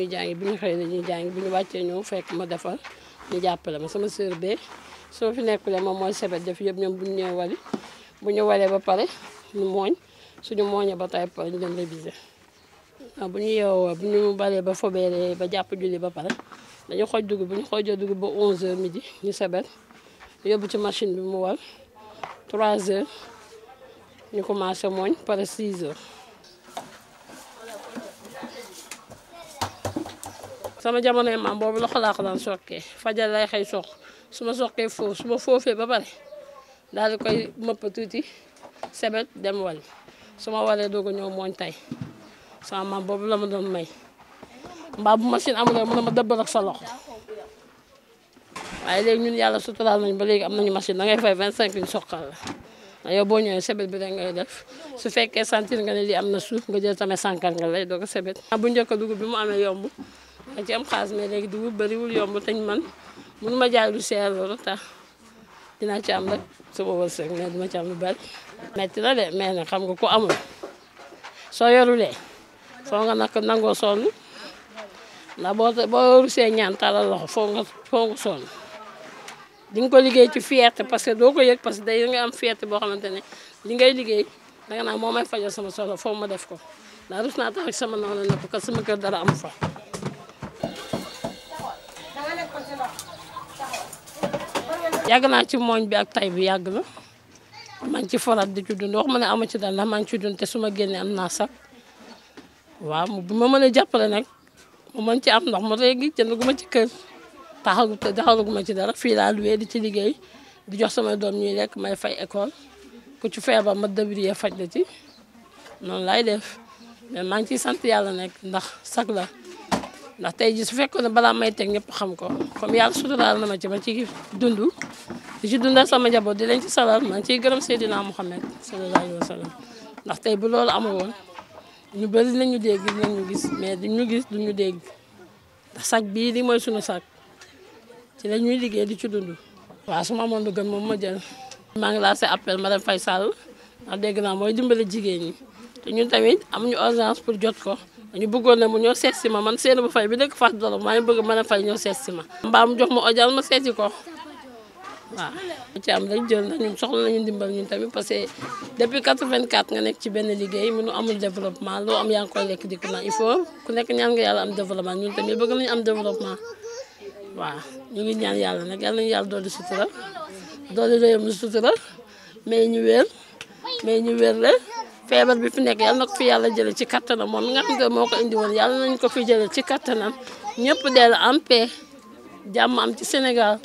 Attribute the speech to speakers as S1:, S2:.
S1: ñu jàngi bi ñu xëy na ñu jàngi bi ñu wàccee ñëw fekk ma defar ñu jàppale ma sama sœur bee su ma fi nekkulee moom mooy sebet def yëpp ñoom bu ñu ñëwee wali bu ñu walee ba pare mooñ suñu mooñee ba tay pare ñu dem réviser waaw bu ñu yeewoo bu ñu ba fobeeree ba jàpp julli ba pare dañu xooj dugub bu ñu xoojoo dugub ba 11h midi ñu sebet yóbbu ci machine bi mu war 3h ñu commencé mooñ pare 6h. sama jamonoy maam boobu loxo xalaa ko daan sokkee fajal lay xay soq su ma soqee foofu su ma foofee ba pare daal di koy mëpp tuuti sebet dem wali su ma walee doog a ñëw mooñ tey sama maam boobu la ma doon may mbaa bu machine amuloon mu sa loxo waaye léegi ñun yàlla suturaal nañu ba léegi am nañu machine da ngay fay ñu soqal la ndax yow boo ñëwee sebet bi rek ngay def su fekkee sentir nga ne lii am na suuf nga jël tamit sànkal nga lay doog a sebet. bu njëkk dugub bi mu amee yomb. ma ci am xaas mais léegi dugub bëriwul yomb tañ man mënu ma jaay lu seer loolu tax dina ci am rek sama wërsëg mais duma ci am lu bari metti na de mais nag xam nga ku amul soo yorulee foo nga nag nangoo sonn ndax boo boo rusee ñaan talal loxo foo nga foo nga sonn di nga ko liggéey ci fierté parce que doo ko yëg parce que day nga am fierté boo xamante ne li ngay liggéey danga naa moo may fajal sama solo foo ma def ko ndax rus naa tax sama noonu ne ko sama kër dara amu fa yàgg naa ci mooñ bi ak tay bi yàgg na maa ngi ci forat di ci dund wax ma ne amu ci dal ndax maa ngi ci dund te su ma génnee am naa sag waaw bu ma mënee jàppale nag mu mën ci am ndox ma léegi jënd gu ma ci kër taxagu taxagu ma ci dara fii laa luwee di ci liggéey di jox sama doom ñuy lekk may fay école ku ci feeba ma débrouiller faj la ci noonu laay de mais maa ngi ciy sant yàlla nekk ndax sag la ndax tey ji su fekkoon ne balaa may teg ñëpp xam ko comme yàlla suturaal na ma ci ma ci dund di ci dundal sama njaboot di leen ci salal maa ngi ciy gërëm Seydina Mouhamed sallallahu alayhi wa sallam ndax tey bu loolu amul woon ñu bëri nañu dégg nañu gis mais duñu gis duñu dégg ndax sag bii li mooy suñu sag ci la ñuy liggéey di ci dund waaw su ma amoon lu gën moom ma jël maa ngi lancé appel madame Faye sal ndax dégg naa mooy dimbale jigéen ñi te ñun tamit amuñu urgence pour jot ko ñu bëggoon ne mu ñëw seet si ma man seen bu a fay ñëw seet si ma. mbaa mu jox ma audience ma seeti ko waaw. ci am nañu ci benn liggéey mënu amul développement loo am yaa ngi koy lekk di ko naan il faut ku nekk ñaan nga yàlla am développement ñun tamit bëgg nañu ñu ngi ñaan nañu yàlla doolu sutura doolu réew mi sutura may ñu wér may ñu wér la feebar bi fi nekk yal na ko fi yàlla jëlee ci kattanam moom mi nga xam moo ko indi woon yàlla nañ ko fi jëlee ci kattanam ñëpp dellu am paix jàmm am ci Sénégal